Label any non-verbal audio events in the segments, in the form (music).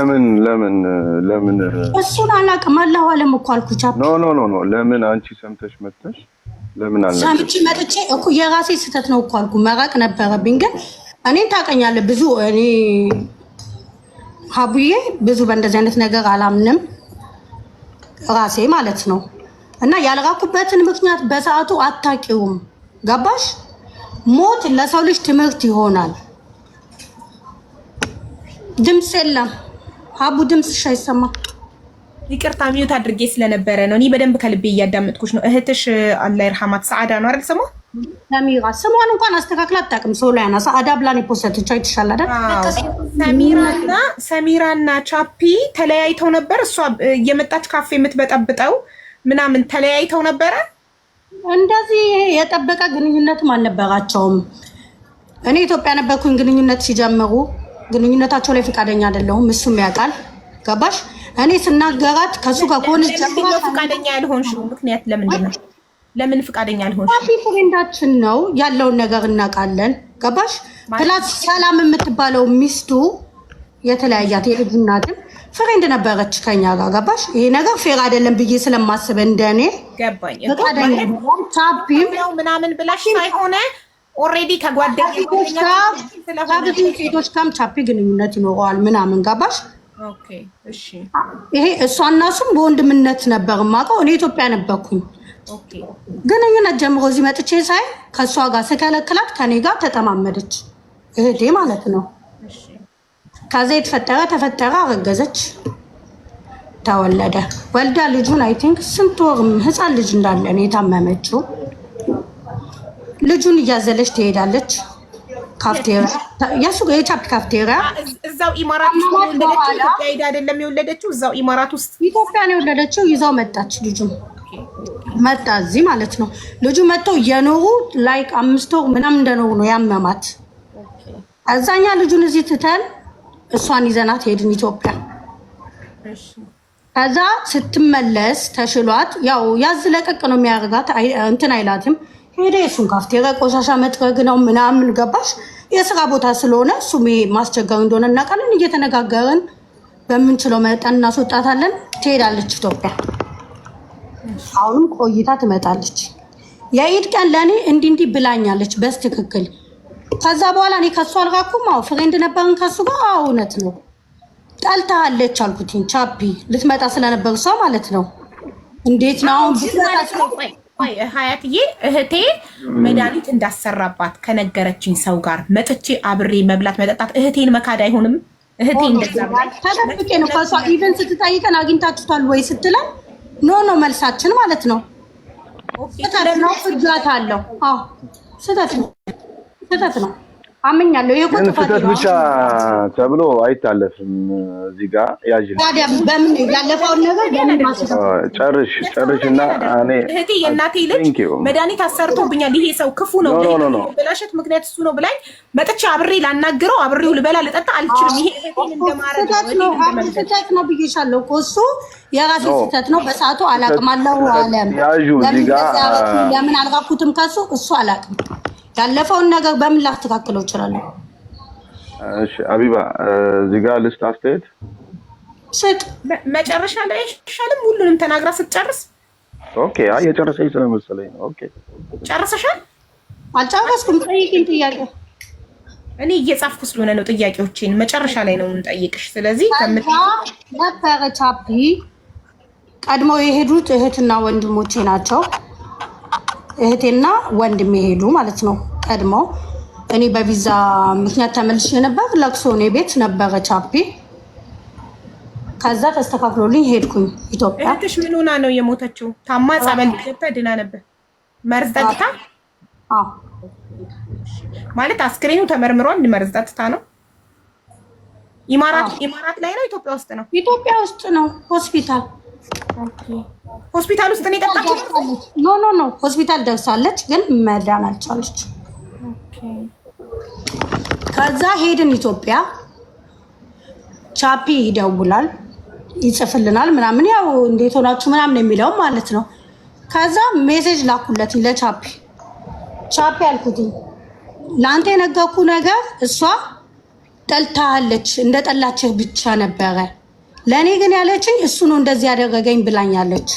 ለምን ለምን ለምን እሱን አላውቅም። አላሁ አለም እኮ አልኩቻ። ኖ ኖ ኖ ኖ ለምን አንቺ ሰምተሽ መጥተሽ ለምን አለ ሰምቼ መጥቼ እኮ የራሴ ስህተት ነው እኮ አልኩ። መራቅ ነበረብኝ ግን እኔን ታውቀኛለህ። ብዙ እኔ ሀቡዬ ብዙ በእንደዚህ አይነት ነገር አላምንም ራሴ ማለት ነው። እና ያልራኩበትን ምክንያት በሰዓቱ አታውቂውም። ገባሽ? ሞት ለሰው ልጅ ትምህርት ይሆናል። ድምፅ የለም። አቡ ድምፅሽ አይሰማም። ይቅርታ ሚዩት አድርጌ ስለነበረ ነው። እኔ በደንብ ከልቤ እያዳመጥኩሽ ነው። እህትሽ አላ ይርሃማት ሰዓዳ ነው አይደል ስሟ? ሰሚራ ስሟን እንኳን አስተካክላ አታውቅም። ሰው ላይ ናሳ አዳ ብላን የፖሰተች አይተሻል አይደል? ሰሚራና ሰሚራና ቻፒ ተለያይተው ነበር። እሷ እየመጣች ካፌ የምትበጠብጠው ምናምን ተለያይተው ነበረ። እንደዚህ የጠበቀ ግንኙነትም አልነበራቸውም። እኔ ኢትዮጵያ ነበርኩኝ ግንኙነት ሲጀምሩ ግንኙነታቸው ላይ ፈቃደኛ አይደለሁም። እሱም ያውቃል። ገባሽ? እኔ ስናገራት ከሱ ጋር ከሆነች ጀምራ ፈቃደኛ ያልሆንሽው ምክንያት ለምንድን ነው? ለምን ፈቃደኛ አልሆንሽ? ፍሬንዳችን ነው ያለውን ነገር እናውቃለን። ገባሽ? ፕላስ ሰላም የምትባለው ሚስቱ የተለያያት የልጁ እናትም ፍሬንድ ነበረች ከኛ ጋር ገባሽ? ይሄ ነገር ፌር አይደለም ብዬ ስለማስብ እንደኔ ገባኝ። ፈቃደኛ ምናምን ብላሽ ሳይሆነ ኦሬዲ ከጓደኛ ሴቶች ግንኙነት ይኖረዋል ምናምን ገባሽ? ይሄ እሷና እሱም በወንድምነት ነበር የማውቀው። እኔ ኢትዮጵያ ነበርኩኝ። ግንኙነት ጀምሮ እዚህ መጥቼ ሳይ ከእሷ ጋር ስከለክላት ከኔ ጋር ተጠማመደች፣ እህቴ ማለት ነው። ከዛ የተፈጠረ ተፈጠረ፣ አረገዘች፣ ተወለደ። ወልዳ ልጁን አይ ቲንክ ስንት ወርም ህፃን ልጅ እንዳለ ነው የታመመችው። ልጁን እያዘለች ትሄዳለች። ካፍቴሪያ የሱ የቻፕ ካፍቴሪያ እዛው ኢማራት ሄዳ አይደለም የወለደችው፣ እዛው ኢማራት ውስጥ ኢትዮጵያ ነው የወለደችው። ይዛው መጣች። ልጁ መጣ እዚህ ማለት ነው። ልጁ መጥተው የኖሩ ላይክ አምስት ወር ምናምን እንደኖሩ ነው ያመማት። እዛኛ ልጁን እዚህ ትተን እሷን ይዘናት ሄድን ኢትዮጵያ። ከዛ ስትመለስ ተሽሏት ያው ያዝ ለቀቅ ነው የሚያደርጋት። እንትን አይላትም ሄደ የሱን ካፍቴራ ቆሻሻ መጥረግ ነው ምናምን ገባሽ የስራ ቦታ ስለሆነ እሱ ማስቸገር እንደሆነ እናውቃለን። እየተነጋገርን በምንችለው መጠን እናስወጣታለን። ትሄዳለች ኢትዮጵያ። አሁንም ቆይታ ትመጣለች። የኢድ ቀን ለእኔ እንዲ እንዲ ብላኛለች በስትክክል። ከዛ በኋላ እኔ ከሱ አልራኩም። አዎ ፍሬንድ ነበርን ከሱ ጋር። አዎ እውነት ነው። ጠልታለች አልኩትኝ። ቻፒ ልትመጣ ስለነበር ሰው ማለት ነው። እንዴት ነው አሁን ሀያትዬ እህቴ መድኃኒት እንዳሰራባት ከነገረችኝ ሰው ጋር መጥቼ አብሬ መብላት መጠጣት እህቴን መካድ አይሆንም። እህቴ ተጠብቄ ነው ከእሷ ኢቨን ስትጠይቀን አግኝታችሁታል ወይ ስትለን ኖ ኖ መልሳችን ማለት ነው። ስህተት ነው፣ ፍርጃት አለው። ስህተት ነው፣ ስህተት ነው። አምኛለሁ። ይሄ ግን ስህተት ብቻ ተብሎ አይታለፍም። እዚህ ጋር ያዥ በምን ያለፈውን ነገር ጨርሽ ጨርሽ እና እኔ እህቴ የእናቴ ልጅ መድኃኒት አሰርቶብኛል ይሄ ሰው ክፉ ነው በላሸት ምክንያት እሱ ነው ብላኝ መጥቼ አብሬ ላናግረው አብሬው ልበላ ልጠጣ አልችልም። ይሄ ስህተት ነው ስህተት ነው ብዬሻለሁ እኮ እሱ የራሱ ስህተት ነው። በሰዓቱ አላቅም አለው አለም ለምን አልጋኩትም ከሱ እሱ አላቅም ያለፈውን ነገር በምን ላስተካክለው እችላለሁ? እሺ አቢባ እዚህ ጋር ልስጥ አስተያየት ስጥ። መጨረሻ ላይ አይሻልም? ሁሉንም ተናግራ ስትጨርስ ኦኬ። አይ የጨረሰኝ ስለመሰለኝ ነው። ኦኬ ጨርሰሻል? አልጨረስኩም። ጠይቂኝ ጥያቄ። እኔ እየጻፍኩ ስለሆነ ነው ጥያቄዎችን መጨረሻ ላይ ነው የምንጠይቅሽ። ስለዚህ ቻፒ ቀድሞ የሄዱት እህትና ወንድሞቼ ናቸው። እህቴና ወንድሜ ሄዱ ማለት ነው ቀድሞ እኔ በቪዛ ምክንያት ተመልሼ ነበር። ለቅሶ እኔ ቤት ነበረ ቻፒ። ከዛ ተስተካክሎልኝ ሄድኩኝ ኢትዮጵያ። እህትሽ ምን ሆና ነው የሞተችው? ታማ ጸበል ድና ነበር። መርዝ ጠጥታ ማለት አስክሬኑ ተመርምሮ መርዝ ጠጥታ ነው። ኢማራት ላይ ነው ኢትዮጵያ ውስጥ ነው? ኢትዮጵያ ውስጥ ነው ሆስፒታል ሆስፒታል ውስጥ እኔ ጠጣችሁ? ኖ ኖ ኖ ሆስፒታል ደርሳለች፣ ግን መዳን አልቻለች። ከዛ ሄድን ኢትዮጵያ። ቻፒ ይደውላል፣ ይጽፍልናል ምናምን ያው እንዴት ሆናችሁ ምናምን የሚለውም ማለት ነው። ከዛ ሜሴጅ ላኩለት ለቻፒ። ቻፒ አልኩትኝ ለአንተ የነገርኩ ነገር እሷ ጠልታለች እንደ ጠላችህ ብቻ ነበረ ለእኔ ግን ያለችኝ እሱ ነው እንደዚህ ያደረገኝ ብላኛለች።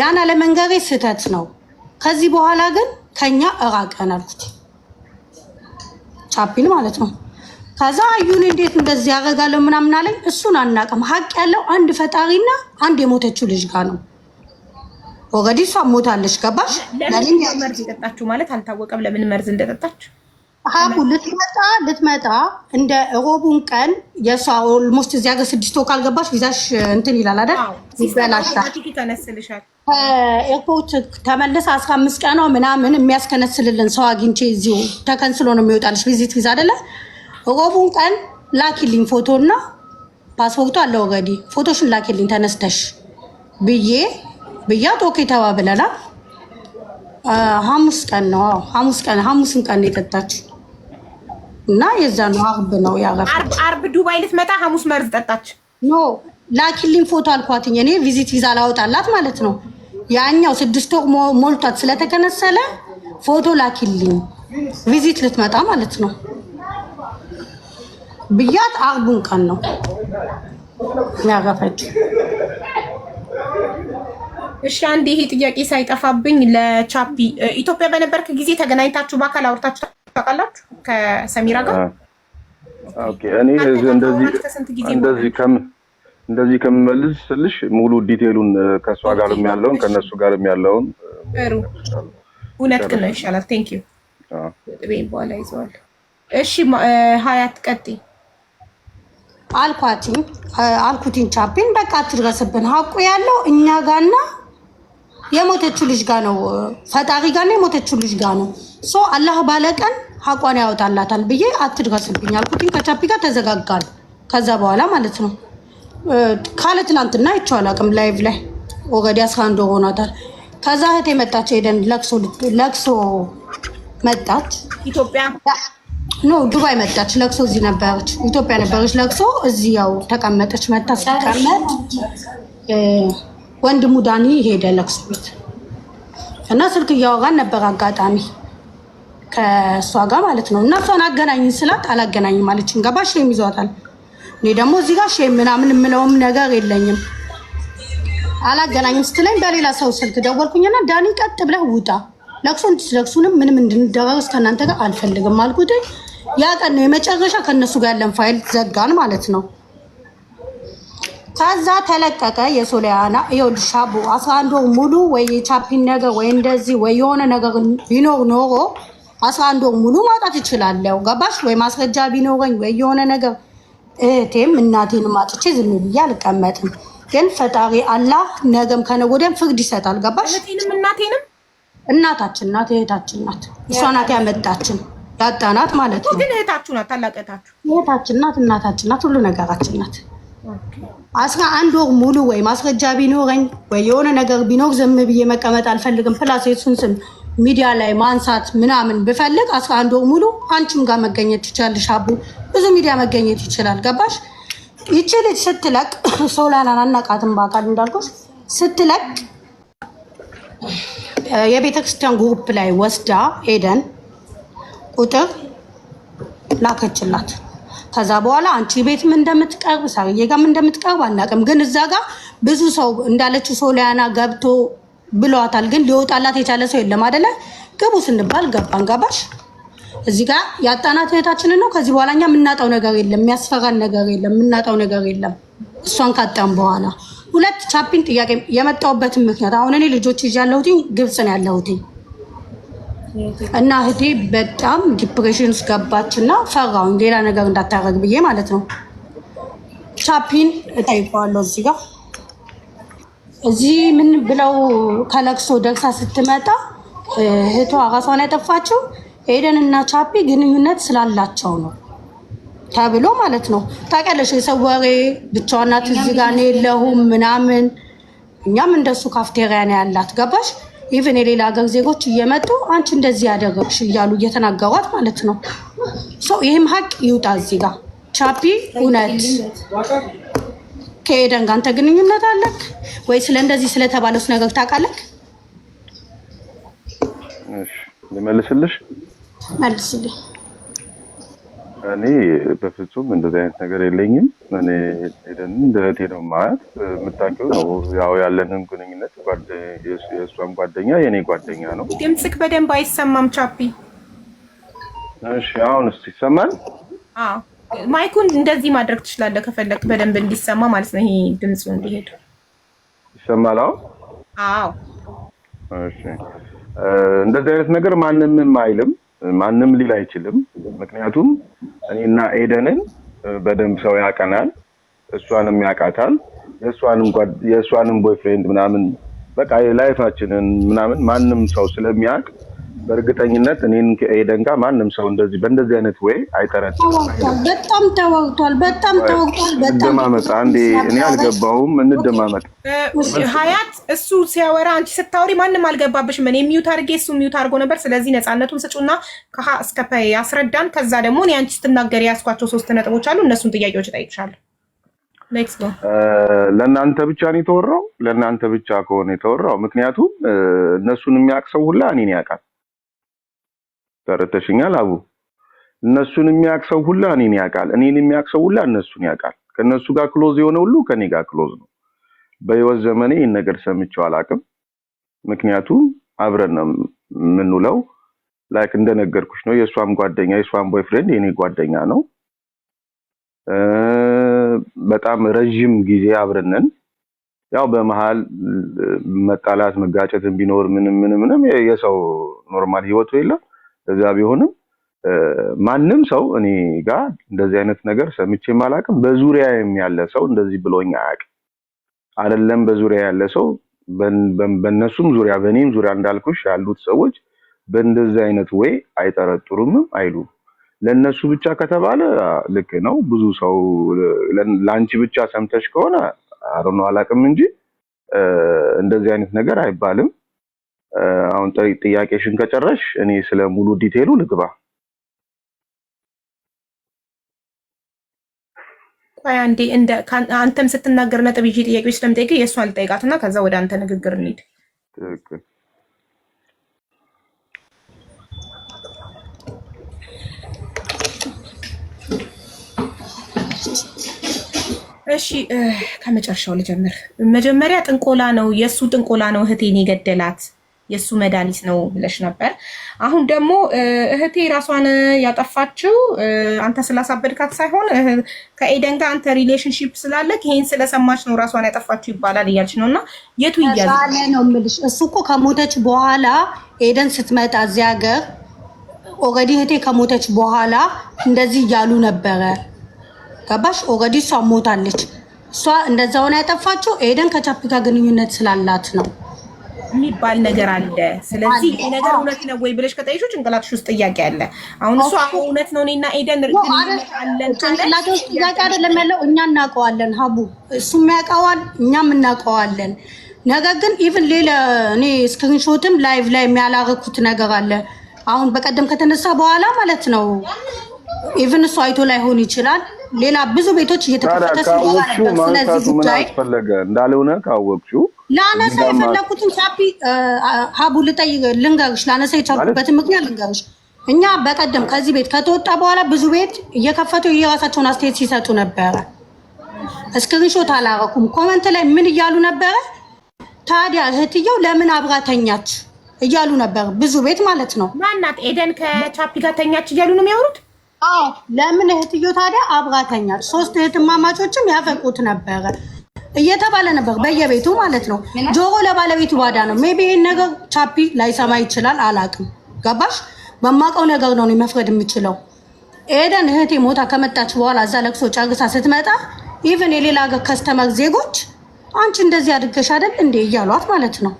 ያን አለመንገሬ ስህተት ነው። ከዚህ በኋላ ግን ከኛ እራቀን አልኩት፣ ቻፒል ማለት ነው። ከዛ አዩን እንዴት እንደዚህ ያደርጋለሁ ምናምን አለኝ። እሱን አናውቅም። ሀቅ ያለው አንድ ፈጣሪና አንድ የሞተችው ልጅ ጋር ነው። ወገዲ እሷ ሞታለች። ገባሽ? ለምን መርዝ እንደጠጣችሁ ማለት አልታወቀም። ለምን መርዝ እንደጠጣችሁ ሀቡ ልትመጣ ልትመጣ እንደ ሮቡን ቀን የእሷ ኦልሞስት እዚያ ሀገር ስድስት ወር ካልገባሽ ቪዛሽ እንትን ይላል አይደል? ይበላሻል። ኤርፖርት ተመልሰ አስራ አምስት ቀን ነው ምናምን የሚያስከነስልልን ሰው አግኝቼ እዚሁ ተከንስሎ ነው የሚወጣልሽ ቪዚት ቪዛ አይደለ? ሮቡን ቀን ላኪልኝ ፎቶ እና ፓስፖርቱ አለ ኦልሬዲ ፎቶሽን ላኪልኝ ተነስተሽ ብዬ ብያት ኦኬ ተባብለናል። ሐሙስ ቀን ነው ሐሙስ ቀን ሐሙስን ቀን የጠጣችው እና የዛ ነው አርብ ነው ያረፈች። አርብ ዱባይ ልትመጣ ሐሙስ መርዝ ጠጣች። ኖ ላኪልኝ ፎቶ አልኳትኝ። እኔ ቪዚት ቪዛ ላወጣላት ማለት ነው። ያኛው ስድስት ወር ሞልቷት ስለተከነሰለ ፎቶ ላኪልኝ ቪዚት ልትመጣ ማለት ነው ብያት፣ አርቡን ቀን ነው ያረፈች። እሺ አንድ ይሄ ጥያቄ ሳይጠፋብኝ ለቻፒ ኢትዮጵያ በነበርክ ጊዜ ተገናኝታችሁ በአካል አውርታችሁ ታውቃላችሁ ከሰሚራ ጋር እኔ እንደዚህ እንደዚህ ስልሽ ሙሉ ዲቴሉን ከእሷ ጋርም ያለውን ከእነሱ ጋርም ያለውን እውነት ግን ነው ይሻላል። ቴንክ ዩ በኋላ ይዘዋል። እሺ ሀያት ቀጥይ አልኳትኝ አልኩትኝ ቻፒን በቃ አትድረስብን ሀቁ ያለው እኛ ጋርና የሞተችው ልጅ ጋ ነው ፈጣሪ ጋ ነው የሞተችው ልጅ ጋ ነው። ሶ አላህ ባለቀን ሀቋን ያወጣላታል ብዬ አትድረስብኝ አልኩትኝ። ከቻፒ ጋር ተዘጋጋል። ከዛ በኋላ ማለት ነው ካለ ትናንትና ይቻል አቅም ላይቭ ላይ ወገዲ አስራ አንድ ሆኗታል። ከዛ እህቴ መጣች፣ ሄደን ለቅሶ መጣች ኢትዮጵያ ኖ ዱባይ መጣች። ለቅሶ እዚህ ነበረች፣ ኢትዮጵያ ነበረች ለቅሶ እዚህ ያው ተቀመጠች። መጣ ስትቀመጥ ወንድሙ ዳኒ ሄደ ለቅሶ ቤት እና ስልክ እያወራን ነበር አጋጣሚ ከእሷ ጋር ማለት ነው። እና እሷን አገናኝን ስላት አላገናኝም አለችኝ። ገባ ሼም ይዟታል። እኔ ደግሞ እዚህ ጋር ሼም ምናምን የምለውም ነገር የለኝም። አላገናኝም ስትለኝ በሌላ ሰው ስልክ ደወልኩኝና ዳኒ ቀጥ ብለህ ውጣ፣ ለቅሶ እንድትለቅሱንም ምንም እንድንደረስ ከእናንተ ጋር አልፈልግም አልኩት። ያ ቀን ነው የመጨረሻ ከእነሱ ጋር ያለን ፋይል ዘጋን ማለት ነው። ከዛ ተለቀቀ። የሶሊያና ይኸውልሽ አቦ አስራ አንድ ወር ሙሉ ወይ የቻፒን ነገር ወይ እንደዚህ ወይ የሆነ ነገር ቢኖር ኖሮ አስራ አንድ ወር ሙሉ ማውጣት ይችላለሁ። ገባሽ ወይ ማስረጃ ቢኖረኝ ወይ የሆነ ነገር እህቴም እናቴን ማጥቼ ዝም ብዬ አልቀመጥም። ግን ፈጣሪ አላህ ነገም ከነገ ወዲያም ፍርድ ይሰጣል። ገባሽ እህቴንም እናቴንም እናታችን ናት፣ እህታችን ናት። እሷ ናት ያመጣችን ያጣናት ማለት ነው። ግን እህታችሁ ናት፣ ታላቅ እህታችሁ እህታችን ናት፣ እናታችን ናት፣ ሁሉ ነገራችን ናት። አስራ አንድ ወር ሙሉ ወይ ማስረጃ ቢኖረኝ ወይ የሆነ ነገር ቢኖር ዝም ብዬ መቀመጥ አልፈልግም። ፕላስ የሱን ስም ሚዲያ ላይ ማንሳት ምናምን ብፈልግ አስራ አንድ ወር ሙሉ አንቺም ጋር መገኘት ትችላለሽ። አቡ ብዙ ሚዲያ መገኘት ይችላል። ገባሽ? ይቺ ልጅ ስትለቅ (clears throat) ሶላናን አናቃትም በአካል እንዳልኩሽ ስትለቅ (clears throat) የቤተክርስቲያን ግሩፕ ላይ ወስዳ ሄደን ቁጥር ላከችላት። ከዛ በኋላ አንቺ ቤትም እንደምትቀርብ ሳርዬ ጋም እንደምትቀርብ አናውቅም። ግን እዛ ጋር ብዙ ሰው እንዳለችው ሶሊያና ገብቶ ብለዋታል። ግን ሊወጣላት የቻለ ሰው የለም አደለ? ግቡ ስንባል ገባን። ገባሽ? እዚህ ጋር ያጣናት እህታችንን ነው። ከዚህ በኋላ እኛ የምናጣው ነገር የለም፣ የሚያስፈራን ነገር የለም፣ የምናጣው ነገር የለም እሷን ካጣም በኋላ። ሁለት ቻፒን ጥያቄ የመጣውበትን ምክንያት አሁን እኔ ልጆች ይዤ ያለሁት ግብጽ ነው ያለሁትኝ። እና እህቴ በጣም ዲፕሬሽን ውስጥ ገባች እና ፈራሁኝ። ሌላ ነገር እንዳታረግ ብዬ ማለት ነው። ቻፒን እጠይቀዋለሁ እዚህ ጋር እዚህ ምን ብለው ከለቅሶ ደርሳ ስትመጣ እህቷ ራሷን ያጠፋችው ኤደን እና ቻፒ ግንኙነት ስላላቸው ነው ተብሎ ማለት ነው። ታውቂያለሽ፣ የሰው ወሬ ብቻዋን ናት እዚህ ጋር እኔ የለሁም ምናምን። እኛም እንደሱ ካፍቴሪያ ነው ያላት ገባሽ ኢቨን የሌላ ሀገር ዜጎች እየመጡ አንቺ እንደዚህ ያደረግሽ እያሉ እየተናገሯት ማለት ነው። ሰው ይህም ሀቅ ይውጣ እዚህ ጋር ቻፒ እውነት ከኤደን ጋር አንተ ግንኙነት አለክ ወይ? ስለ እንደዚህ ስለተባለውስ ነገር ታውቃለክ? ልመልስልሽ መልስልኝ። እኔ በፍጹም እንደዚህ አይነት ነገር የለኝም። እኔ ሄደን እንደ ነው ማለት የምታውቂው ነው። ያው ያለንን ግንኙነት የእሷን ጓደኛ የእኔ ጓደኛ ነው። ድምፅክ በደንብ አይሰማም ቻፒ። እሺ አሁን ስ ይሰማል። ማይኩን እንደዚህ ማድረግ ትችላለህ ከፈለግ፣ በደንብ እንዲሰማ ማለት ነው። ይሄ ድምፁ እንዲሄድ ይሰማል። አሁን አዎ፣ እሺ። እንደዚህ አይነት ነገር ማንምም አይልም ማንም ሊል አይችልም። ምክንያቱም እኔና ኤደንን በደንብ ሰው ያቀናል፣ እሷንም ያውቃታል፣ የእሷንም ቦይፍሬንድ ምናምን በቃ ላይፋችንን ምናምን ማንም ሰው ስለሚያውቅ በእርግጠኝነት እኔን ከኤደን ጋር ማንም ሰው እንደዚህ በእንደዚህ አይነት ወይ አይጠረጥም። በጣም ተወግቷል፣ በጣም ተወግቷል። እንደማመጣ አንዴ እኔ አልገባውም። እንደማመጣ ሀያት እሱ ሲያወራ አንቺ ስታወሪ ማንም አልገባብሽም። እኔ የሚዩት አድርጌ እሱ የሚዩት አድርጎ ነበር። ስለዚህ ነፃነቱን ስጩና ከሀ እስከ ፐ ያስረዳን። ከዛ ደግሞ እኔ አንቺ ስትናገር ያስኳቸው ሶስት ነጥቦች አሉ። እነሱን ጥያቄዎች እጠይቅሻለሁ። ለእናንተ ብቻ ነው የተወራው። ለእናንተ ብቻ ከሆነ የተወራው ምክንያቱም እነሱን የሚያውቅ ሰው ሁላ እኔን ያውቃል። ተረተሽኛል አቡ እነሱን የሚያቅሰው ሁላ እኔን ያውቃል፣ እኔን የሚያቅሰው ሁላ እነሱን ያውቃል። ከእነሱ ጋር ክሎዝ የሆነ ሁሉ ከኔ ጋር ክሎዝ ነው። በህይወት ዘመኔ ይህን ነገር ሰምቼው አላውቅም። ምክንያቱም አብረን ነው የምንውለው። ላይክ እንደነገርኩሽ ነው። የእሷም ጓደኛ የእሷም ቦይፍሬንድ የኔ ጓደኛ ነው። በጣም ረዥም ጊዜ አብረንን ያው በመሀል መጣላት መጋጨትን ቢኖር ምንም ምንም ምንም የሰው ኖርማል ህይወቱ የለም እዛ ቢሆንም ማንም ሰው እኔ ጋር እንደዚህ አይነት ነገር ሰምቼ አላቅም በዙሪያ ያለ ሰው እንደዚህ ብሎኝ አያውቅም። አይደለም በዙሪያ ያለ ሰው በእነሱም ዙሪያ በእኔም ዙሪያ እንዳልኩሽ ያሉት ሰዎች በእንደዚህ አይነት ወይ አይጠረጥሩምም አይሉ። ለእነሱ ብቻ ከተባለ ልክ ነው። ብዙ ሰው ለአንቺ ብቻ ሰምተሽ ከሆነ ነው አላውቅም እንጂ እንደዚህ አይነት ነገር አይባልም። አሁን ጥያቄሽን ከጨረሽ እኔ ስለ ሙሉ ዲቴሉ ልግባ። ቆይ አንዴ እንደ አንተም ስትናገር ነጥብ ይዤ ጥያቄዎች ስለምጠይቅ የእሷን ልጠይቃት እና ከዛ ወደ አንተ ንግግር እንሂድ። እሺ ከመጨረሻው ልጀምር። መጀመሪያ ጥንቆላ ነው የእሱ ጥንቆላ ነው እህቴን የገደላት የእሱ መድኃኒት ነው ብለሽ ነበር። አሁን ደግሞ እህቴ ራሷን ያጠፋችው አንተ ስላሳበድካት ሳይሆን ከኤደን ጋር አንተ ሪሌሽንሽፕ ስላለክ ይሄን ስለሰማች ነው ራሷን ያጠፋችው ይባላል እያልች ነው። እና የቱ እያለ ነው የምልሽ። እሱ እኮ ከሞተች በኋላ ኤደን ስትመጣ እዚህ ሀገር ኦልሬዲ እህቴ ከሞተች በኋላ እንደዚህ እያሉ ነበረ። ገባሽ? ኦልሬዲ እሷ ሞታለች። እሷ እንደዛ ሆነ ያጠፋችው ኤደን ከቻፒ ግንኙነት ስላላት ነው። የሚባል ነገር አለ። ስለዚህ ነገር እውነት ነው ወይ ብለሽ ከጠየቅሽ ጭንቅላትሽ ውስጥ ጥያቄ አለ። አሁን እሱ አሁን እውነት ነው እኔና ኤደን እርግጠኛ ጭንቅላት ውስጥ ጥያቄ አይደለም ያለው፣ እኛ እናውቀዋለን። ሀቡ እሱም ያውቀዋል፣ እኛም እናውቀዋለን። ነገር ግን ኢቭን ሌላ እኔ ስክሪንሾትም ላይቭ ላይ የሚያላረኩት ነገር አለ። አሁን በቀደም ከተነሳ በኋላ ማለት ነው። ኢቭን እሱ አይቶ ላይሆን ይችላል። ሌላ ብዙ ቤቶች እየተከፈተ ስለዚህ ጉዳይ እንዳልሆነ ካወቅሽው ለአነሳ የፈለኩትን ሳፒ ሀቡ ልጠይቅ ልንገርሽ፣ ለአነሳ የቻልኩበትን ምክንያት ልንገርሽ። እኛ በቀደም ከዚህ ቤት ከተወጣ በኋላ ብዙ ቤት እየከፈቱ የራሳቸውን አስተያየት ሲሰጡ ነበረ። እስክሪንሾት አላረኩም። ኮመንት ላይ ምን እያሉ ነበረ? ታዲያ እህትየው ለምን አብራተኛች እያሉ ነበር። ብዙ ቤት ማለት ነው። ማናት ኤደን ከቻፒ ጋር ተኛች እያሉ ነው የሚያወሩት። አዎ ለምን እህትየው ታዲያ አብራተኛች? ሶስት እህትማማቾችም ያፈቁት ነበረ እየተባለ ነበር በየቤቱ ማለት ነው። ጆሮ ለባለቤቱ ባዳ ነው። ቢ ይሄን ነገር ቻፒ ላይሰማ ይችላል። አላቅም ገባሽ? በማቀው ነገር ነው መፍረድ የምችለው። ኤደን እህቴ ሞታ ከመጣች በኋላ እዛ ለቅሶ ጨርሳ ስትመጣ ኢቨን የሌላ ሀገር ከስተመር ዜጎች አንቺ እንደዚህ አድርገሽ አይደል እንዴ እያሏት ማለት ነው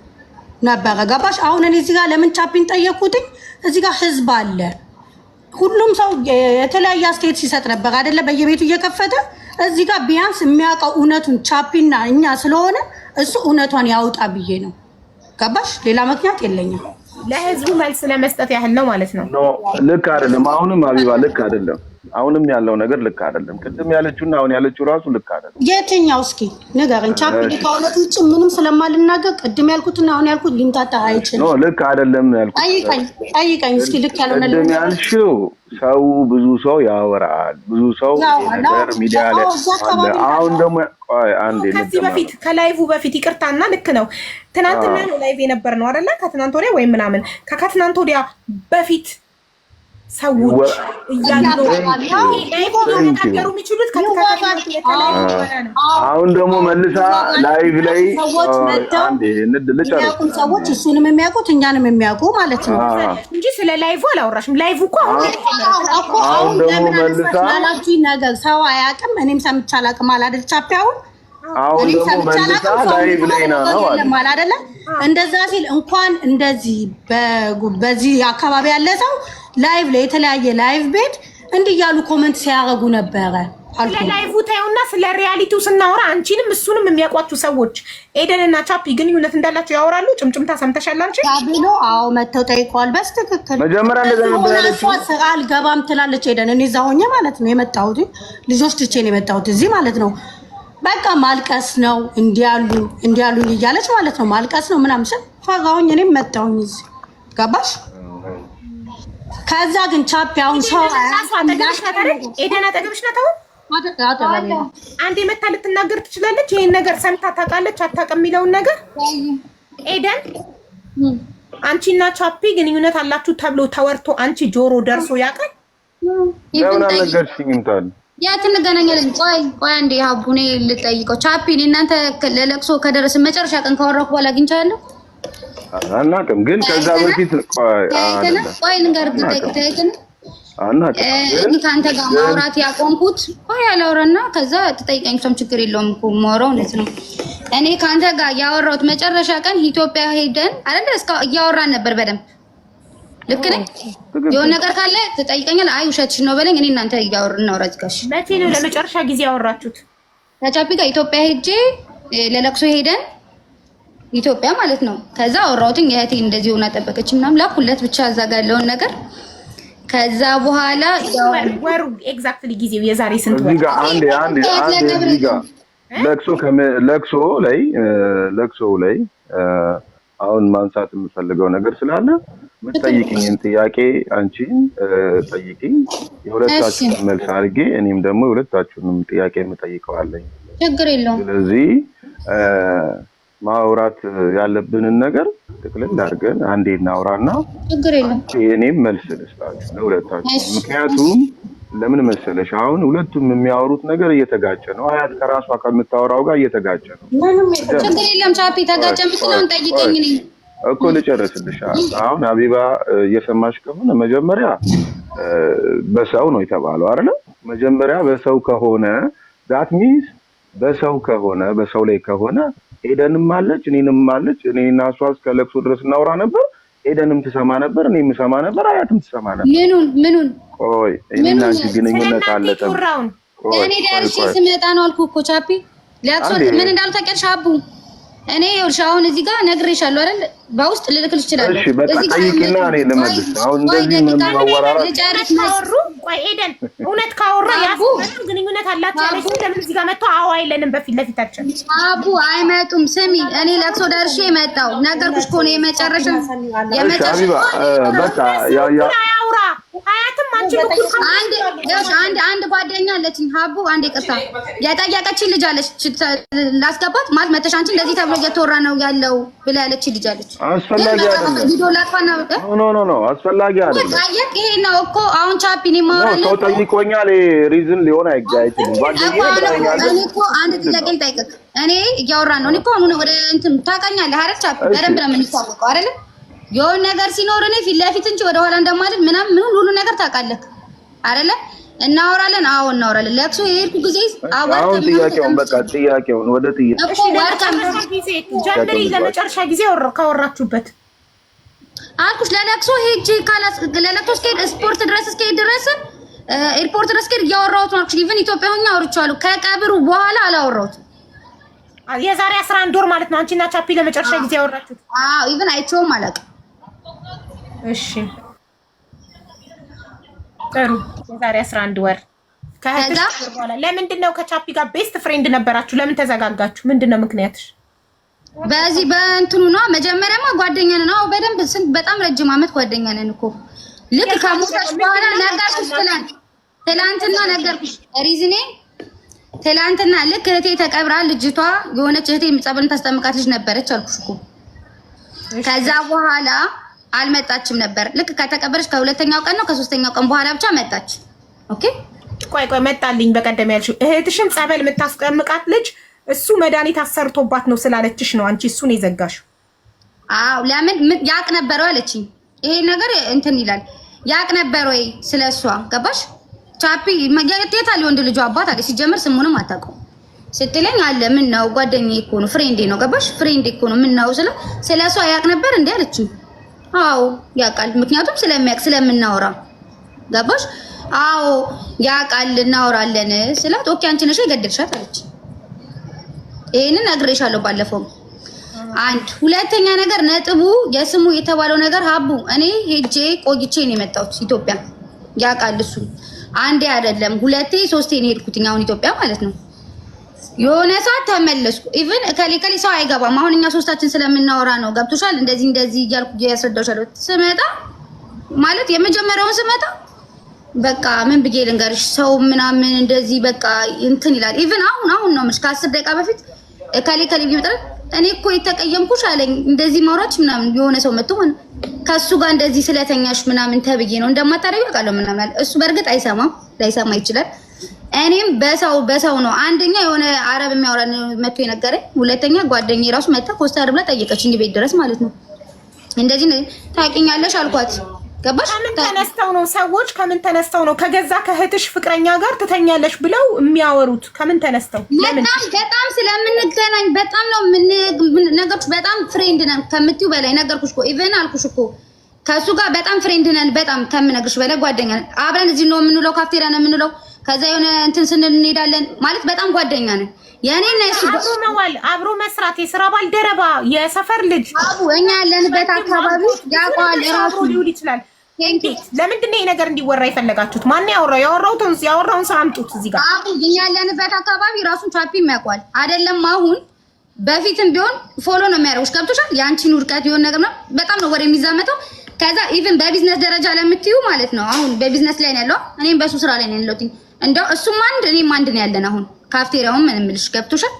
ነበረ። ገባሽ? አሁን እኔ እዚህ ጋር ለምን ቻፒን ጠየኩትኝ? እዚህ ጋር ህዝብ አለ። ሁሉም ሰው የተለያየ አስተያየት ሲሰጥ ነበር አይደለ? በየቤቱ እየከፈተ እዚህ ጋር ቢያንስ የሚያውቀው እውነቱን ቻፒና እኛ ስለሆነ እሱ እውነቷን ያውጣ ብዬ ነው። ገባሽ? ሌላ ምክንያት የለኝም። ለህዝቡ መልስ ለመስጠት ያህል ነው ማለት ነው። ልክ አይደለም። አሁንም አቢባ ልክ አይደለም። አሁንም ያለው ነገር ልክ አይደለም። ቅድም ያለችውና አሁን ያለችው ራሱ ልክ አይደለም። የትኛው እስኪ ንገረኝ ቻፕ። ከእውነት ውጭ ምንም ስለማልናገር ቅድም ያልኩትና አሁን ያልኩት ሊምጣጣ አይችልም። ልክ አይደለም ያልኩት ጠይቀኝ ጠይቀኝ እስኪ ልክ ያልሆነ ቅድም ያልሽው ሰው ብዙ ሰው ያወራል ብዙ ሰው ነገር ሚዲያ ላይ አለ። አሁን ደግሞ ከዚህ በፊት ከላይቭ በፊት ይቅርታና ልክ ነው። ትናንትና ነው ላይቭ የነበር ነው አይደለ? ከትናንት ወዲያ ወይም ምናምን ከከትናንት ወዲያ በፊት ሰዎች እያሉ ሊናገሩ የሚችሉት አሁን ደግሞ መልሳ ላይቭ ላይ ሰዎች እሱንም የሚያውቁት እኛንም የሚያውቁ ማለት ነው እንጂ ስለ ላይቭ አላወራሽም። ላይቭ እኮ አሁን ለምን አላችሁ ነገር ሰው አያውቅም። እኔም ሰምቼ አላውቅም አላደል ቻፒ አሁን ደግሞ መልሳ ላይቭ ላይ ነው አይደለ? እንደዛ ሲል እንኳን እንደዚህ በዚህ አካባቢ ያለ ሰው ላይቭ ላይ የተለያየ ላይቭ ቤት እንዲህ እያሉ ኮመንት ሲያደርጉ ነበረ። ስለ ላይቭ ታዩና ስለ ሪያሊቲው ስናወራ አንቺንም እሱንም የሚያውቋችሁ ሰዎች ኤደን እና ቻፒ ግንኙነት እንዳላቸው ያወራሉ። ጭምጭምታ ሰምተሻል አንቺ ብሎ አዎ፣ መተው ጠይቀዋል። በስትክክል መጀመሪያ አልገባም ትላለች ኤደን። እኔ እዛ ሆኜ ማለት ነው የመጣሁት ልጆች ትቼን የመጣሁት እዚህ ማለት ነው። በቃ ማልቀስ ነው እንዲያሉ እንዲያሉ እያለች ማለት ነው ማልቀስ ነው ምናምን ስል ፈጋሁኝ። እኔም መጣሁኝ እዚህ ገባሽ ከዛ ግን ቻፒ አሁን ሰው ኤደን አጠገብሽ ናት። አሁን አንዴ መታ ልትናገር ትችላለች። ይሄን ነገር ሰምታ ታውቃለች አታውቅም የሚለውን ነገር ኤደን አንቺና ቻፒ ግንኙነት አላችሁ ተብሎ ተወርቶ አንቺ ጆሮ ደርሶ ያውቃል? ለምን አልነገርሽኝም? ታዲያ ያ እንገናኛለን። ቆይ ቆይ አንዴ ሀቡኔ ልጠይቀው። ቻፒ እናንተ ለለቅሶ ከደረስን መጨረሻ ቀን ካወራኩ በኋላ አግኝቻለሁ አናውቅም፣ ግን ከዛ በፊት ቆይ ከአንተ ጋር ማውራት ያቆምኩት ከዛ ትጠይቀኝ። ችግር የለውም እኮ የማወራው እውነት ነው። እኔ ከአንተ ጋር ያወራሁት መጨረሻ ቀን ኢትዮጵያ ሄደን አይደል እስከ እያወራን ነበር በደምብ ልክ ነኝ። የሆነ ነገር ካለ ትጠይቀኛለህ። አይ ውሸትሽን ነው በለኝ። እኔ እናንተ እያወራን እናውራ። እዚህ መቼ ነው ለመጨረሻ ጊዜ ያወራችሁት? ከቻፒ ጋር ኢትዮጵያ ሄጄ ለለቅሶ ሄደን ኢትዮጵያ ማለት ነው። ከዛ አወራሁትኝ የእህቴ እንደዚህ ሆና ጠበቀች ምናምን ላኩለት ብቻ አዛጋለውን ነገር ከዛ በኋላ ወሩ ኤግዛክትሊ ጊዜው የዛሬ ስንት ወር አንድ አንድ አንድ ለቅሶ ለቅሶ ላይ ለቅሶ ላይ አሁን ማንሳት የምፈልገው ነገር ስላለ የምትጠይቅኝን ጥያቄ አንቺን ጠይቅኝ፣ የሁለታችሁን መልስ አድርጌ እኔም ደግሞ የሁለታችሁንም ጥያቄ የምጠይቀዋለኝ። ችግር የለውም። ስለዚህ ማውራት ያለብንን ነገር ጥቅልል አድርገን አንዴ እናውራና እኔም መልስ ልስጣችሁ ለሁለታችሁ። ምክንያቱም ለምን መሰለሽ አሁን ሁለቱም የሚያወሩት ነገር እየተጋጨ ነው። አያት ከራሷ ከምታወራው ጋር እየተጋጨ ነው። ችግር የለም ቻፒ ተጋጨ ምትለውን ጠይቀኝ እኮ ልጨርስልሽ። አሁን አቢባ እየሰማሽ ከሆነ መጀመሪያ በሰው ነው የተባለው አይደለ? መጀመሪያ በሰው ከሆነ ዛት ሚንስ በሰው ከሆነ በሰው ላይ ከሆነ ኤደንም አለች እኔንም አለች። እኔና እሷ እስከ ለቅሶ ድረስ እናውራ ነበር። ኤደንም ትሰማ ነበር፣ እኔም ሰማ ነበር፣ አያትም ትሰማ ነበር። ምኑን ምኑን? ቆይ እኔና አንቺ ግንኙነት አለጠም። እኔ ደርሼ ስመጣ ነው አልኩህ እኮ ቻፒ። ለቅሶ ምን እንዳሉ አቡ እኔ ይኸውልሽ አሁን እዚህ ጋር ነግሬሻለሁ አይደል? በውስጥ ልልክልሽ ይችላል። እሺ በቃ ጠይቂና እኔ ልመልስ። አሁን እንደዚህ መወራራት ልጨርስ። ካወሩ ቆይ ሄደን እውነት ካወራ ያሱ ምንም ግንኙነት አላችሁ ያለሽ ለምን እዚህ ጋር መጥቶ አዎ አይለንም? በፊት ለፊታችን አቡ አይመጡም። ስሚ እኔ ለቅሶ ደርሼ መጣሁ ነገርኩሽ እኮ ነው የመጨረሻ የመጨረሻ በቃ ያ ያ አውራ ሀያትም አንቺ ልኩ አንድ አንድ አንድ ጓደኛ አለችኝ ሀቡ አንድ ይቅርታ የጠየቀችኝ ልጅ አለች ላስገባት ማለት መተሽ አንቺ እንደዚህ ተብሎ እየተወራ ነው ያለው ብላ ያለች ልጅ አለች። አስፈላጊ አይደለም። ቪዲዮ ላጥፋና ኖ ኖ ኖ አስፈላጊ አይደለም። ታየቅ ይሄ ነው እኮ አሁን ቻፒ ነው ማለት ነው። ጠይቆኛል። ሪዝን ሊሆን አይጋይትም። እኔ እኮ አንድ ጥያቄ ልጠይቅህ። እኔ እያወራ ነው። እኮ አሁን ወደ እንትን ታውቃኛለህ አይደል? ቻፒ በደንብ ነው የምንታወቀው አይደል? የሆነ ነገር ሲኖር እኔ ፊት ለፊት እንጂ ወደ ኋላ እንደማልል ምናምን ምን ሁሉ ነገር ታውቃለህ አይደል? እናወራለን። አዎ እናወራለን። ለቅሶ የሄድኩ ጊዜ አሁን ጥያቄውን በቃ ጥያቄውን ወደ ጥያቄ ለመጨረሻ ጊዜ ካወራችሁበት አልኩሽ። ለለቅሶ ሄጅ ለለቅሶ እስከሄድ ስፖርት ድረስ እስከሄድ ድረስ ኤርፖርት ድረስ ከሄድ እያወራሁት ነው አልኩሽ። ኢቨን ኢትዮጵያ ሆኜ አውርቼዋለሁ። ከቀብሩ በኋላ አላወራሁትም። የዛሬ አስራ አንድ ወር ማለት ነው። አንቺና ቻፒ ለመጨረሻ ጊዜ ያወራችሁት? አዎ ኢቨን አይቼውም አላውቅም። እሺ ጥሩ የዛሬ 11 ወር በኋላ ለምንድን ነው ከቻፒ ጋር ቤስት ፍሬንድ ነበራችሁ? ለምን ተዘጋጋችሁ? ምንድን ነው ምክንያትሽ? በዚህ በእንትኑ ነው። መጀመሪያማ ጓደኛ ነን። አዎ በደንብ ስንት በጣም ረጅም አመት ጓደኛ ነን እኮ ልክ ከሞተች በኋላ ነገርኩሽ። ትላንት ትላንትና ነገርኩሽ። ሪዝኔ ትላንትና ልክ እህቴ ተቀብራ ልጅቷ የሆነች እህቴ ጸበልን ታስጠምቃት ልጅ ነበረች አልኩሽ እኮ ከዛ በኋላ አልመጣችም ነበር። ልክ ከተቀበረች ከሁለተኛው ቀን ነው ከሶስተኛው ቀን በኋላ ብቻ መጣች። ኦኬ ቆይ ቆይ መጣልኝ። በቀደም ያልሽው እህትሽን ጸበል የምታስቀምቃት ልጅ እሱ መድኃኒት አሰርቶባት ነው ስላለችሽ ነው አንቺ እሱን የዘጋሽው? አዎ ለምን ያቅ ነበር አለችኝ። ይሄ ነገር እንትን ይላል ያቅ ነበር ወይ ስለሷ ገባሽ? ቻፒ የታለ ወንድ ልጇ አባት አለ ሲጀምር ስሙንም አታውቀውም ስትለኝ አለ ምን ነው ጓደኛዬ እኮ ነው ፍሬንዴ ነው ገባሽ? ፍሬንዴ እኮ ነው ምን ነው ስለ ስለሷ ያቅ ነበር እንዴ አለችኝ። አዎ ያውቃል። ምክንያቱም ስለሚያውቅ ስለምናወራ ገባሽ? አዎ ያውቃል፣ እናወራለን ስላት ኦኬ አንቺ ነሽ የገደልሻት አለች። ይሄንን ነግሬሻለሁ ባለፈው። አንድ ሁለተኛ ነገር ነጥቡ የስሙ የተባለው ነገር ሀቡ እኔ ሄጄ ቆይቼ ነው የመጣሁት ኢትዮጵያ። ያውቃል እሱ አንዴ አይደለም ሁለቴ ሶስቴ ነው የሄድኩትኝ አሁን ኢትዮጵያ ማለት ነው። የሆነ ሰዓት ተመለስኩ። ኢቭን እከሌ ከሌ ሰው አይገባም። አሁን እኛ ሶስታችን ስለምናወራ ነው። ገብቶሻል? እንደዚህ እንደዚህ እያልኩ ያስረዳውሻለሁ። ስመጣ ማለት የመጀመሪያውን ስመጣ በቃ ምን ብዬ ልንገርሽ፣ ሰው ምናምን እንደዚህ በቃ እንትን ይላል። ኢቨን አሁን አሁን ነው የምልሽ ከአስር ደቂቃ በፊት እከሌ ከሌ ብዬ እኔ እኮ የተቀየምኩሽ አለኝ። እንደዚህ ማውራች ምናምን የሆነ ሰው መጥቶ ሆነ ከሱ ጋር እንደዚህ ስለተኛሽ ምናምን ተብዬ ነው እንደማታደርጊው አውቃለሁ ምናምን አለ። እሱ በእርግጥ አይሰማም፣ ላይሰማ ይችላል። እኔም በሰው በሰው ነው። አንደኛ የሆነ አረብ የሚያወራ መጥቶ የነገረኝ፣ ሁለተኛ ጓደኛ የራሱ መጥታ ኮስተር ብላ ጠየቀች፣ እንዲህ ቤት ድረስ ማለት ነው። እንደዚህ ታውቂኛለሽ አልኳት። ገባሽ? ከምን ተነስተው ነው ሰዎች ከምን ተነስተው ነው ከገዛ ከእህትሽ ፍቅረኛ ጋር ትተኛለሽ ብለው የሚያወሩት? ከምን ተነስተው? በጣም በጣም ስለምንገናኝ በጣም ነው ነገሮች። በጣም ፍሬንድ ነን ከምትዩ በላይ ነገርኩሽ እኮ ኢቨን አልኩሽ እኮ ከእሱ ጋር በጣም ፍሬንድ ነን። በጣም ከምነግርሽ በላይ ጓደኛ ነን። አብረን እዚህ ነው የምንውለው፣ ካፍቴሪያ ነው የምንውለው። ከዛ የሆነ እንትን ስንል እንሄዳለን። ማለት በጣም ጓደኛ ነን። የኔና እሱ መዋል አብሮ መስራት የስራ ባልደረባ የሰፈር ልጅ አቡ እኛ ያለንበት አካባቢ ያውቀዋል ራሱ ሊውል ይችላል ለምንድን ነው ይሄ ነገር እንዲወራ የፈለጋችሁት? ማነው ያወራው? ያወራውን ያወራውን ሳምጡት እዚህ ጋር። አሁን እኛ ያለንበት አካባቢ ራሱን ቻፒም ያውቋል አይደለም? አሁን በፊትም ቢሆን ፎሎ ነው የሚያደርጉሽ። ገብቶሻል? የአንቺን ውድቀት የሆነ ነገር ነው። በጣም ነው ወሬ የሚዛመተው። ከዛ ኢቭን በቢዝነስ ደረጃ ለምትዩ ማለት ነው። አሁን በቢዝነስ ላይ ነው ያለው፣ እኔም በሱ ስራ ላይ ነው ያለሁት። እንደው እሱም አንድ እኔም አንድ ነው ያለን። አሁን ካፍቴሪያውን ምን ምልሽ ገብቶሻል?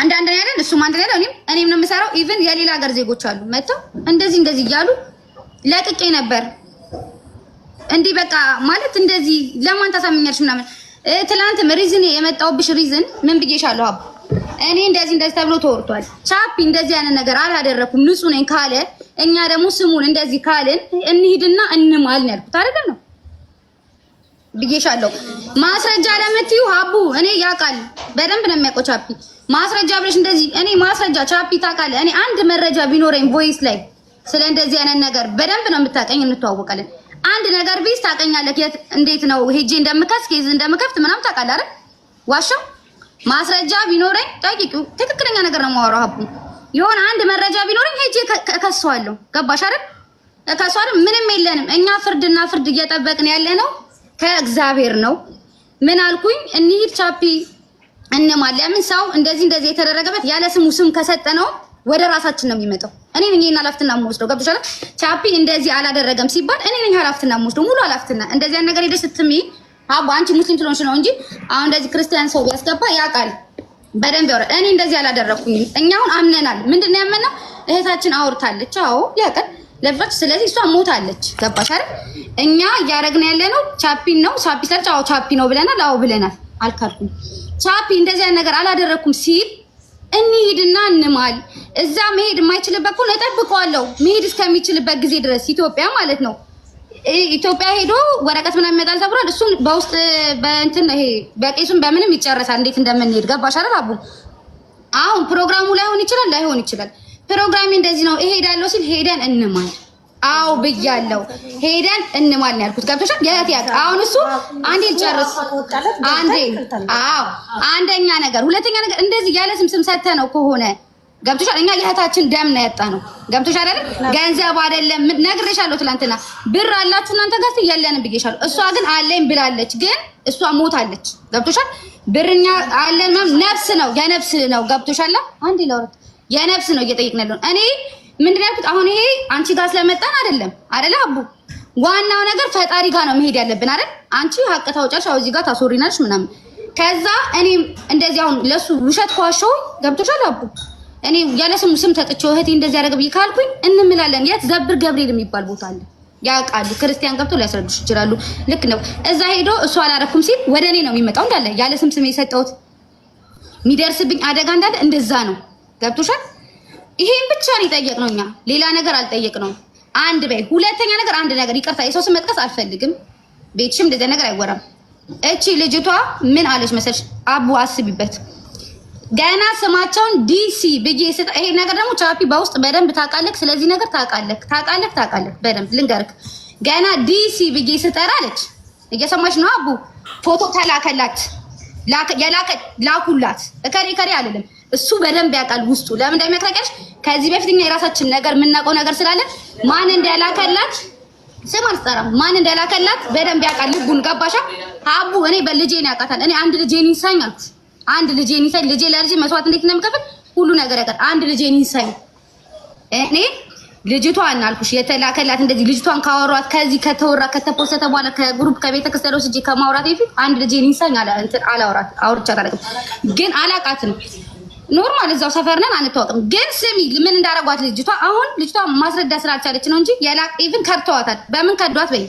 አንድ አንድ ነው ያለን፣ እሱም አንድ ነው ያለው። እኔም እኔም ነው የምሰራው። ኢቭን የሌላ ሀገር ዜጎች አሉ መጥተው እንደዚህ እንደዚህ እያሉ ለቅቄ ነበር። እንዲህ በቃ ማለት እንደዚህ ለማን ታሳምኛለሽ ምናምን። ትላንት ሪዝን የመጣውብሽ ሪዝን ምን ብዬሻለሁ? አብ እኔ እንደዚህ እንደዚህ ተብሎ ተወርቷል። ቻፒ እንደዚህ ያንን ነገር አላደረኩም ንጹህ ነኝ ካለ እኛ ደግሞ ስሙን እንደዚህ ካልን እንሂድና እንማል ነው ያልኩት አይደል ነው ብዬሻለሁ። ማስረጃ ለምትዩ አቡ እኔ ያውቃል በደንብ ነው የሚያውቀው ቻፒ ማስረጃ ብለሽ እንደዚህ እኔ ማስረጃ ቻፒ ታውቃለህ። እኔ አንድ መረጃ ቢኖረኝ ቮይስ ላይ ስለ እንደዚህ አይነት ነገር በደንብ ነው የምታቀኝ፣ እንተዋወቃለን። አንድ ነገር ቢስ ታቀኛለህ። የት እንዴት ነው ሄጄ እንደምከፍት ኬዝ እንደምከፍት ምናምን ታውቃለህ አይደል? ዋሻው ማስረጃ ቢኖረኝ ጠይቂው። ትክክለኛ ነገር ነው የማወራው። ሀቡ የሆነ አንድ መረጃ ቢኖረኝ ሄጄ እከሰዋለሁ። ገባሽ አይደል? እከሰዋለሁ። ምንም የለንም እኛ ፍርድና ፍርድ እየጠበቅን ያለ ነው ከእግዚአብሔር ነው። ምን አልኩኝ? እንሂድ ቻፒ እንማል። ለምን ሰው እንደዚህ እንደዚህ የተደረገበት ያለ ስሙ ስም ከሰጠነው ወደ ራሳችን ነው የሚመጣው እኔ ነኝ ይሄን ኃላፊትና የምወስደው። ገብቶሻል? ቻፒ እንደዚህ አላደረገም ሲባል እኔ ነኝ ኃላፊትና የምወስደው ሙሉ ኃላፊትና። እንደዚህ አይነት ነገር ሄደሽ ስትሚ አቦ አንቺ ሙስሊም ስለሆንሽ ነው እንጂ አሁን እንደዚህ ክርስቲያን ሰው ቢያስገባ ያውቃል በደንብ ያወራ። እኔ እንደዚህ አላደረኩኝም። እኛውን አምነናል። ምንድን ነው ያመነው? እህታችን አውርታለች። አዎ ያውቃል ለብቻ ስለዚህ እሷ ሞታለች። ገባሽ አይደል? እኛ እያደረግን ያለ ነው ቻፒን ነው ቻፒ ሰርች። አዎ ቻፒ ነው ብለናል። አዎ ብለናል። አልካልኩም ቻፒ እንደዚህ አይነት ነገር አላደረኩም ሲል እንሂድና እንማል። እዛ መሄድ የማይችልበት ሁሉ እጠብቀዋለሁ፣ መሄድ እስከሚችልበት ጊዜ ድረስ ኢትዮጵያ ማለት ነው። ኢትዮጵያ ሄዶ ወረቀት ምናምን ይመጣል ተብሏል። እሱን በውስጥ በእንትን ይሄ በቄሱን በምንም ይጨረሳል። እንዴት እንደምንሄድ ገባሽ አይደል? አቡ አሁን ፕሮግራሙ ላይሆን ይችላል፣ ላይሆን ይችላል። ፕሮግራሚ እንደዚህ ነው እሄዳለሁ ሲል ሄደን እንማል አው ብያለሁ። ሄደን እንማል ነው ያልኩት። ገብቶሻል? የእህቴ ያቅ አሁን እሱ አንዴ ልጨርስ። አንዴ አዎ፣ አንደኛ ነገር፣ ሁለተኛ ነገር እንደዚህ ያለ ስም ስም ሰተ ነው ከሆነ ገብቶሻል? እኛ የእህታችን ደም ነው ያጣ ነው። ገብቶሻል አይደል? ገንዘብ አይደለም ነግሬሻለሁ። ትናንትና ብር አላችሁ እናንተ ጋር የለንም ብዬሻለሁ። እሷ ግን አለኝ ብላለች፣ ግን እሷ ሞታለች። ገብቶሻል? ብርኛ አለን ነፍስ ነው የነፍስ ነው። ገብቶሻል? አንዴ ለውረት የነፍስ ነው እየጠየቅን ያለነው እኔ ምንድን ያልኩት አሁን ይሄ አንቺ ጋር ስለመጣን አይደለም አይደለ አቡ ዋናው ነገር ፈጣሪ ጋር ነው መሄድ ያለብን አይደል አንቺ ሀቅ ታውጫለሽ አዎ እዚህ ጋር ታስወሪናለሽ ምናምን ከዛ እኔ እንደዚህ አሁን ለሱ ውሸት ኳሸው ገብቶሻል አቡ እኔ ያለ ስም ስም ተጥቼው እህቴ እንደዚህ ያደረገ ብዬ ካልኩኝ እንምላለን የት ዘብር ገብርኤል የሚባል ቦታ አለ ያውቃሉ ክርስቲያን ገብቶ ሊያስረዱሽ ይችላሉ ልክ ነው እዛ ሄዶ እሱ አላረኩም ሲል ወደ እኔ ነው የሚመጣው እንዳለ ያለ ስም ስም የሰጠሁት የሚደርስብኝ አደጋ እንዳለ እንደዛ ነው ገብቶሻል ይሄን ብቻ ነው የጠየቅነው እኛ ሌላ ነገር አልጠየቅነውም። አንድ በይ ሁለተኛ ነገር አንድ ነገር ይቅርታ፣ የሰው ስም መጥቀስ አልፈልግም። ቤትሽም እንደዛ ነገር አይወራም። እቺ ልጅቷ ምን አለች መሰለሽ? አቡ አስቢበት። ገና ስማቸውን ዲሲ ብዬ ስጥ። ይሄ ነገር ደግሞ ቻፒ በውስጥ በደንብ ታውቃለህ፣ ስለዚህ ነገር ታውቃለህ፣ ታውቃለህ፣ ታውቃለህ በደንብ ልንገርክ። ገና ዲሲ ብዬ ስጠራ አለች። እየሰማች ነው አቡ ፎቶ ተላከላት፣ ላኩላት። እከሬ ከሬ አልልም እሱ በደንብ ያውቃል ውስጡ ለምን እንደሚያክራቀሽ። ከዚህ በፊት እኛ የራሳችን ነገር የምናውቀው ነገር ስላለ ማን እንደላከላት ስም አልጠራም። ማን እንደላከላት በደንብ ያውቃል ልቡን። ገባሻ አቡ? እኔ በልጄን ያውቃታል። እኔ አንድ ልጄን ይንሳኝ አልኩሽ። አንድ ልጄን ይንሳኝ። ልጄ ለልጄ መስዋዕት እንዴት እንደምከፍል ሁሉ ነገር ያውቃል። አንድ ልጄን ይንሳኝ። እኔ ልጅቷን አልኩሽ የተላከላት እንደዚህ ልጅቷን ካወሯት ከዚህ ከተወራ ከተፖሰተ በኋላ ከግሩፕ ከቤተ ክርስቲያን ውስጥ ከማውራት በፊት አንድ ልጄን ይንሳኝ አላወራት አውርቻት አላውቅም፣ ግን አላውቃትም ኖርማል እዛው ሰፈር ነን፣ አንታወቅም። ግን ስሚ ምን እንዳረጓት ልጅቷ። አሁን ልጅቷ ማስረዳ ስላልቻለች ነው እንጂ የላቅ ኢቭን ከድተዋታል። በምን ከዷት በይ